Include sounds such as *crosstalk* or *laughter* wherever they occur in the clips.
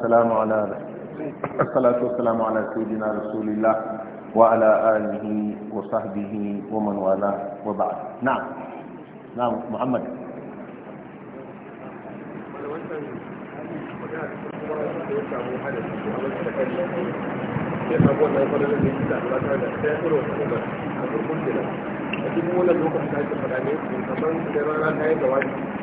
والسلام على الصلاة والسلام على سيدنا رسول الله وعلى آله وصحبه ومن والاه وبعد نعم نعم محمد ولكن duk wannan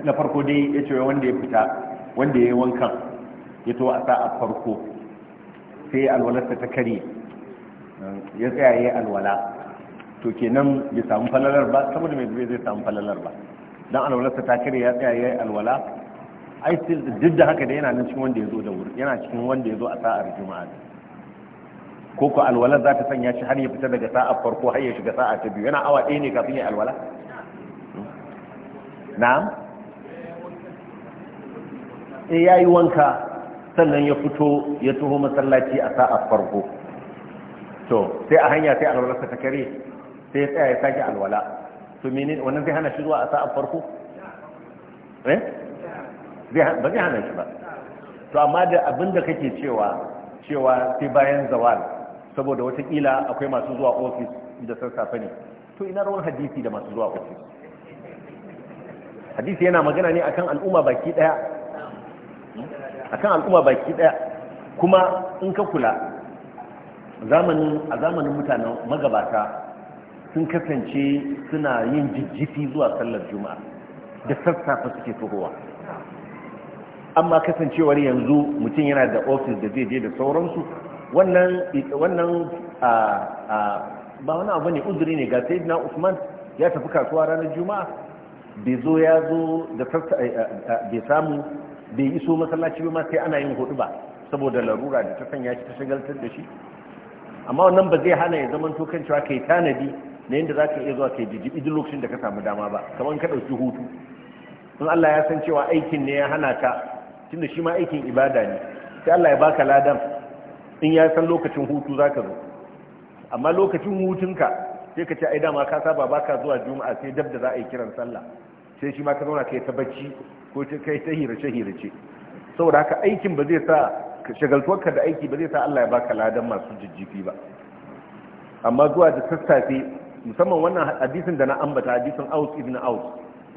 na farko dai ya ce wanda ya fita wanda ya yi wankan ya to a sa'a farko sai alwalarsa ta kare ya tsayaye alwala to kenan ya samu falalar ba saboda mai zai samu falalar ba don alwalarsa ta kare ya tsayaye alwala ai duk da haka da yana nan cikin wanda ya zo da wuri yana cikin wanda ya zo a sa'ar juma'a ko ko alwala za ta sanya shi har ya fita daga sa'a farko har ya shiga sa'a ta biyu yana awa ɗaya ne kafin ya alwala na'am sai ya yi wanka sannan ya fito ya tuho masallaci a sa'ar farko to sai a hanya sai alwalarsa ta kare sai ya tsaya ya sake alwala to mene wannan zai hana shi zuwa a sa'ar farko eh ba zai hana shi ba to amma da abin da kake cewa cewa sai bayan zawal saboda watakila akwai masu zuwa ofis da sassafe ne to ina rawar hadisi da masu zuwa ofis hadisi yana magana ne akan al'umma baki daya a kan al'umma baki daya kuma in ka kula a zamanin mutanen magabata sun kasance suna yin jijjifi zuwa sallar juma'a da sassafe suke tuhowa amma kasancewar yanzu mutum yana da ofis da zai je da sauransu wannan wannan ba wani abu ne uzuri ne ga sayyidina Usman ya tafi kasuwa ranar juma'a bai zo ya zo da eh, eh, eh, bai samu bai iso masallaci ba ma sai ana yin hudu ba saboda larura da ta sanya shi ta shagaltar da shi amma wannan ba zai hana ya zaman to kan cewa kai tanadi na yadda za ka iya zuwa kai jijibi duk lokacin da ka samu dama ba kamar ka ɗauki hutu in Allah ya san cewa aikin ne ya hana ka tunda shi ma aikin ibada ne sai Allah ya baka ladan in ya san lokacin hutu za ka zo amma lokacin hutunka sai ka ce ai dama ka saba baka zuwa juma'a sai dab da za a yi kiran sallah sai shi ma ka zauna kai ta bacci ko ta kai ta hirace hirace saboda haka aikin ba zai sa shagaltuwarka da aiki ba zai sa Allah ya baka ladan masu jijjifi ba amma zuwa da sassafe musamman wannan hadisin da na ambata hadisin Aus ibn Aus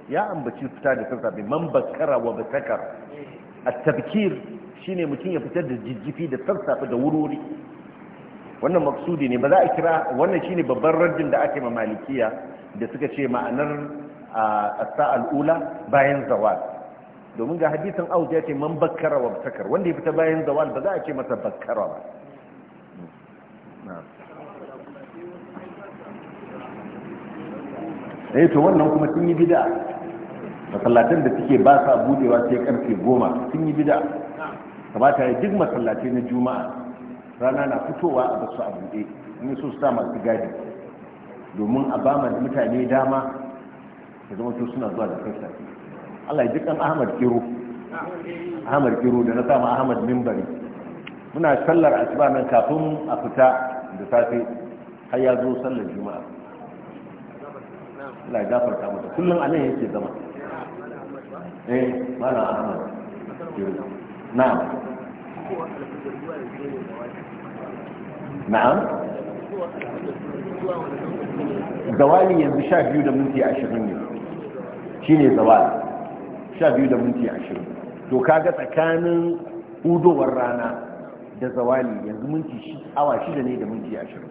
ya ambaci fita da sassafe man bakara wa batakar at-tabkir shine mutum ya fitar da jijjifi da sassafe da wurwuri wannan maksudi ne ba za a kira wannan shine babban raddin da ake ma malikiya da suka ce ma'anar a saal al'ula bayan zawal domin ga hadisin aus ya ce man bakkara wa bakkar wanda ya fita bayan zawal ba za a ce masa bakkara ba eh to wannan kuma sun yi bid'a masallatan da suke ba sa budewa sai karfe goma sun yi bid'a kamata ya duk masallatai na juma'a rana na fitowa a basu a buɗe in so su sa masu gadi domin a ba mutane dama ya zama su suna zuwa da kai Allah ya ji kan Ahmad Kiro Ahmad Kiro da na sama Ahmad Mimbari muna sallar asuba nan kafin a fita da safe har ya zo sallar juma'a Allah ya gafarta masa kullum a nan yake zama eh mana Ahmad Kiro na'am na'am zawali yanzu sha biyu da minti ashirin ne shi ne zawali sha biyu da minti ashirin to kaga tsakanin udowar rana da zawali yanzu minti awa shida ne da minti ashirin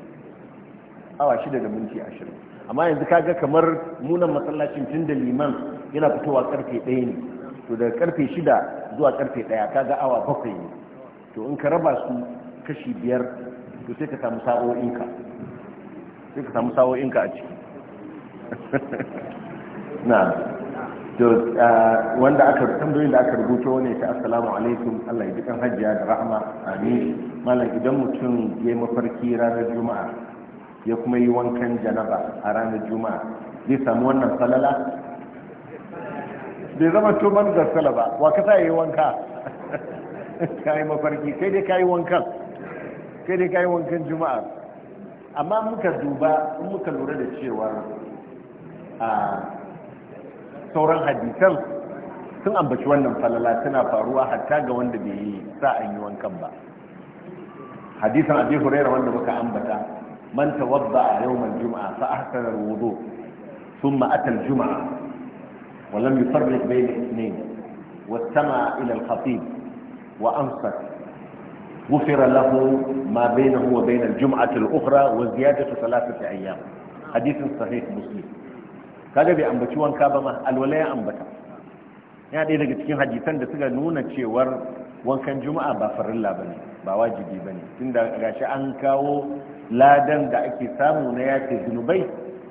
awa shida da minti ashirin amma yanzu kaga kamar munan matsalacin tun da liman yana fitowa karfe ɗaya ne to daga karfe shida zuwa karfe ɗaya kaga awa bakwai ne to in ka raba su kashi biyar to sai ka samu sa'o'inka sai ka samu sa'o'inka a ciki *laughs* na'am wanda aka tambayoyin da aka rubuto ne ta assalamu alaikum Allah ya ji kan hajjiya da rahama amin malam idan mutum ya yi mafarki ranar juma'a ya kuma yi wankan janaba a ranar juma'a zai samu wannan salala bai zama to ban garsala ba wa ka sa yi wanka *laughs* ka yi mafarki kai dai ka yi wankan kai dai ka yi wankan juma'a amma muka duba in muka lura da cewa a sauran hadisan sun ambaci wannan falala tana faruwa hatta ga wanda bai yi sa an yi wankan ba hadisan abi hurairah wanda muka ambata man tawadda yawmal jum'a fa ahsana alwudu thumma ata aljum'a wa lam yufarriq bayna ithnayn واستمع إلى الخطيب وأنصت غفر له ما بينه وبين الجمعة الأخرى وزيادة ثلاثة أيام حديث صحيح مسلم kaga bai ambaci wanka ba ma alwala ya ambata ya ɗaya daga cikin hadisan da suka nuna cewar wankan juma'a ba farilla ba ne ba wajibi ba ne tunda gashi an kawo ladan da ake samu na yafe zunubai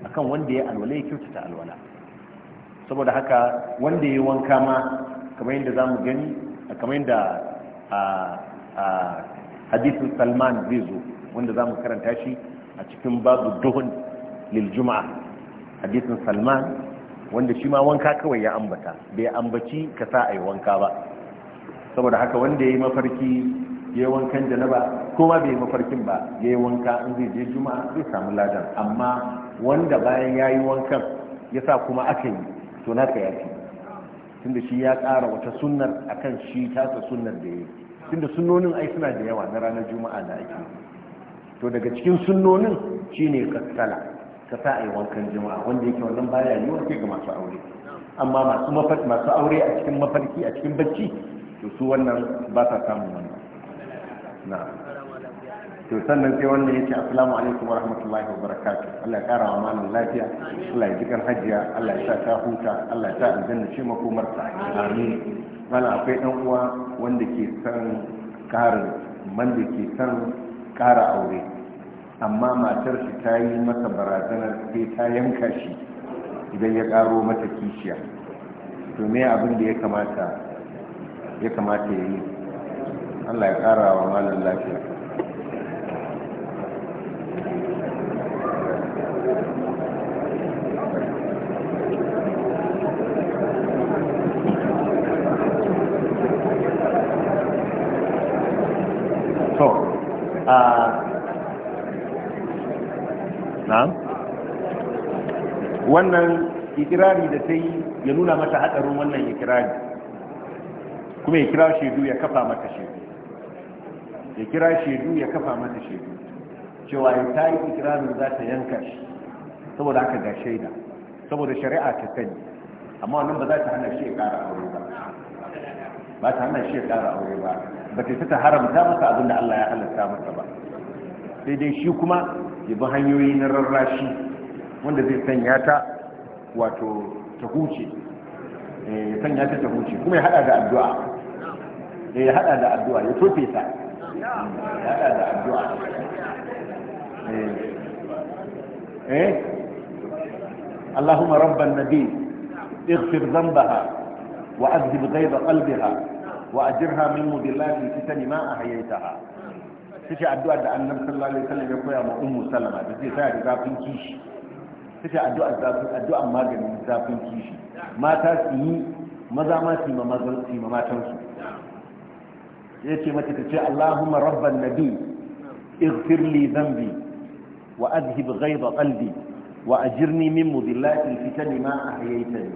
akan wanda ya alwala ya kyautata alwala saboda haka wanda ya wanka ma kamar yadda za mu gani kamar yadda hadisin salman zai zo wanda za mu karanta shi a cikin babu duhun lil juma'a hadisin salman wanda shi ma wanka kawai ya ambata bai ambaci ka sa a yi wanka ba saboda haka wanda ya yi mafarki ya yi wankan janaba ko ma bai yi mafarkin ba ya yi wanka in zai je juma'a zai samu ladan amma wanda bayan ya yi wankan ya sa kuma aka yi to naka ya fi tunda shi ya ƙara wata sunnar akan shi tasa sunnar da ya yi tunda sunnonin ai suna da yawa na ranar juma'a da ake to daga cikin sunnonin shine kassala ka sa a yi wankan jima'a wanda yake wannan baya yi wanke ga masu aure amma masu masu aure a cikin mafarki a cikin bacci to su wannan ba sa samun wannan na to sannan sai wanda yake assalamu alaikum wa rahmatullahi wa barakatuh Allah ya kara wa malam lafiya Allah ya jikan hajiya Allah ya sa ta huta Allah ya sa aljanna ce makomar ta amin mana akwai dan uwa wanda ke san karin man da ke san kara aure amma matar shi ta yi masa barazanar sai ta yanka shi idan ya karo mata kishiya to me abin da ya kamata ya yi allah ya kara wa malar lafiya Uh... wannan ikirari da ta yi ya nuna mata hadarin wannan ikirari kuma ya kira shaidu ya kafa mata shaidu ya kira shaidu ya kafa mata shaidu cewa ya ta yi ikirarin za ta yanka shi saboda aka ga shaida saboda shari'a ta sani amma wannan ba za ta hana shi ya kara aure ba ba ta hana shi ya kara aure ba ba ta ta haramta masa abin da Allah ya halatta masa ba sai dai shi kuma ya bi hanyoyi na rarrashi wanda zai sanya ta wato ta huce ya sanya ta ta huce kuma ya hada da addu'a ya hada da addu'a ya tofe ta ya hada da addu'a eh اللهم رب النبي اغفر ذنبها وأذهب غيظ قلبها وأجرها من مضلات الفتن ما أحييتها tace addu'ar da annabi sallallahu alaihi wasallam ya koya ma ummu salama da zai sa da zafin kishi tace addu'ar zafin addu'ar maganin zafin kishi mata su yi maza ma su yi ma mazan su yi ma matan su yace mata tace Allahumma rabban nabi اغفر لي ذنبي وأذهب غيظ قلبي وأجرني من مذلات الفتن ما أحييتني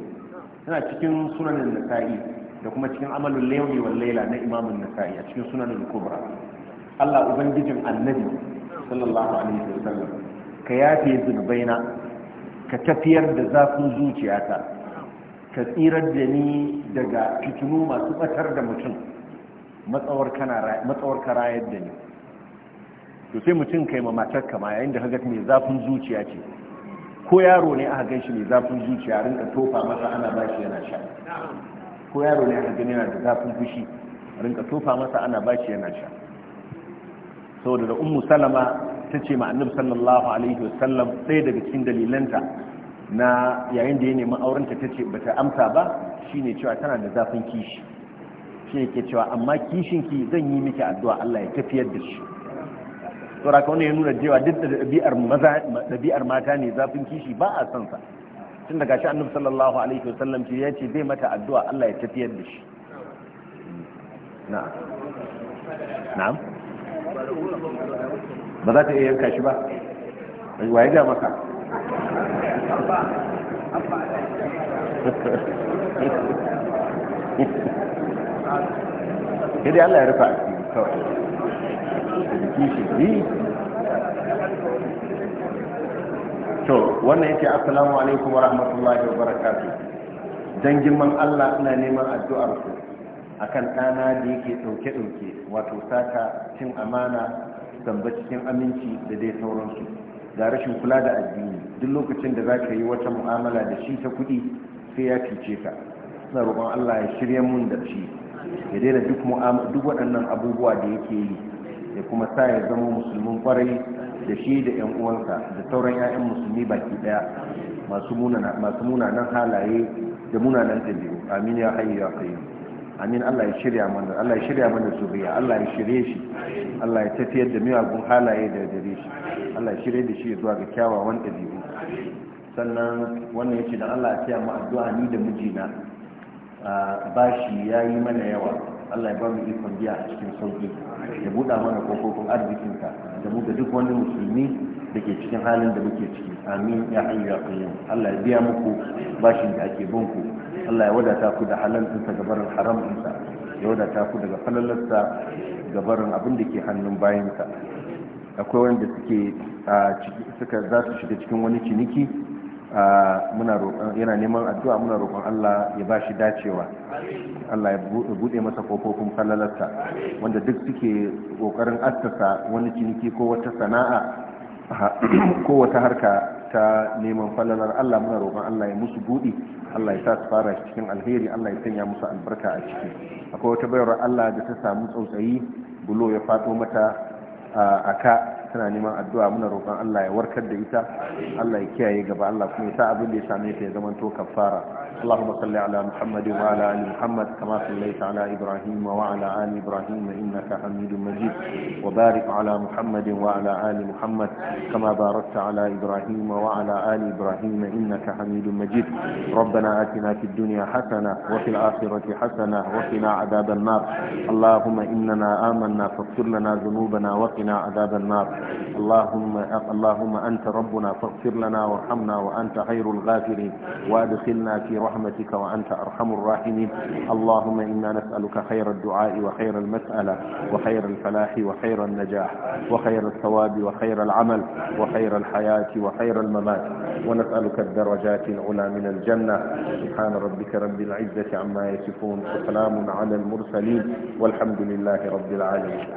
هنا تكون سنن النسائي لكم تكون عمل الليل والليلة نا nasa'i النسائي تكون سنن الكبرى Allah ubangijin annabi sallallahu alaihi wasallam ka yafe zunubaina ka tafiyar da zafin zuciyata ka tsirar da ni daga fitinu masu batar da mutum matsawar kana matsawar ka rayar da ni to sai mutum kai ma matar ka ma yayin da kaga mai zafin zuciya ce ko yaro ne aka ganshi mai zafin zuciya rinka tofa masa ana bashi yana sha ko yaro ne aka gani yana da zafin fushi rinka tofa masa ana bashi yana sha saboda da ummu salama ta ce ma sallallahu alaihi wasallam ɗaya daga cikin dalilanta na yayin da ya nemi aurenta ta ce bata amsa ba shine cewa tana da zafin kishi shine ke cewa amma kishin ki zan yi miki addu'a Allah ya tafiyar da shi saboda ka ya nuna cewa duk da ɗabi'ar maza ɗabi'ar mata ne zafin kishi ba a son sa tun daga shi annabi sallallahu alaihi wasallam ce ya ce zai mata addu'a Allah ya tafiyar da shi na'am na'am ba za ta iya yanka shi ba wa ya ga maka sai dai Allah ya rufa kawai jiki shi to wannan yake assalamu alaikum wa rahmatullahi wa barakatuh dan girman Allah ina neman addu'ar ku akan ɗana da yake ɗauke-ɗauke wato saka cin amana zamba cikin aminci da dai sauransu ga rashin kula da addini duk lokacin da za ka yi wata mu'amala da shi ta kuɗi sai ya cuce ka suna roƙon allah ya shirya mun da shi ya daina duk duk waɗannan abubuwa da yake yi ya kuma sa ya zama musulmin kwarai da shi da 'yan uwansa da sauran 'ya'yan musulmi baki ɗaya masu munanan halaye da munanan ɗabi'u amin ya hayyu ya qayyum amin Allah ya shirya mana Allah ya shirya mana zuriya Allah ya shirye shi Allah ya tafiyar da miyagun halaye da dare shi Allah ya shirye da shi zuwa ga kyawawan ɗabi'u sannan wannan yace da Allah ya tsaya mu addu'a ni da mijina bashi yayi mana yawa Allah ya ba mu ikon biya a cikin sauki ya buɗa mana kofofin arzikinka da mu da duk wani musulmi da ke cikin halin da muke ciki amin ya hayyu ya Allah ya biya muku bashin da ake bin ku Allah ya wadata ku da halal ɗinsa ga barin haram ɗinsa ya wadata ku daga falalarsa ga barin abin da ke hannun bayansa akwai wanda suke suka za su shiga cikin wani ciniki muna yana neman addu'a muna roƙon Allah ya ba shi dacewa Allah ya buɗe masa kofofin falalarsa wanda duk suke ƙoƙarin assasa wani ciniki ko wata sana'a ko wata harka ta neman falalar Allah muna roƙon Allah ya musu buɗi Allah ya sa su fara cikin alheri Allah ya sanya musu albarka a ciki akwai wata bayar Allah da ta samu tsautsayi bulo ya fato mata a ka tana neman addu'a muna roƙon Allah ya warkar da ita Allah ya kiyaye gaba Allah kuma ya sa abin da ya same ta ya zama to kafara اللهم صل على محمد وعلى ال محمد كما صليت على ابراهيم وعلى ال ابراهيم انك حميد مجيد وبارك على محمد وعلى ال محمد كما باركت على ابراهيم وعلى ال ابراهيم انك حميد مجيد ربنا اتنا في الدنيا حسنه وفي الاخره حسنه وقنا عذاب النار اللهم اننا امنا فاغفر لنا ذنوبنا وقنا عذاب النار اللهم اللهم انت ربنا فاغفر لنا وارحمنا وانت خير الغافرين وادخلنا في رحمة برحمتك وأنت أرحم الراحمين اللهم إنا نسألك خير الدعاء وخير المسألة وخير الفلاح وخير النجاح وخير الثواب وخير العمل وخير الحياة وخير الممات ونسألك الدرجات العلى من الجنة سبحان ربك رب العزة عما يصفون وسلام على المرسلين والحمد لله رب العالمين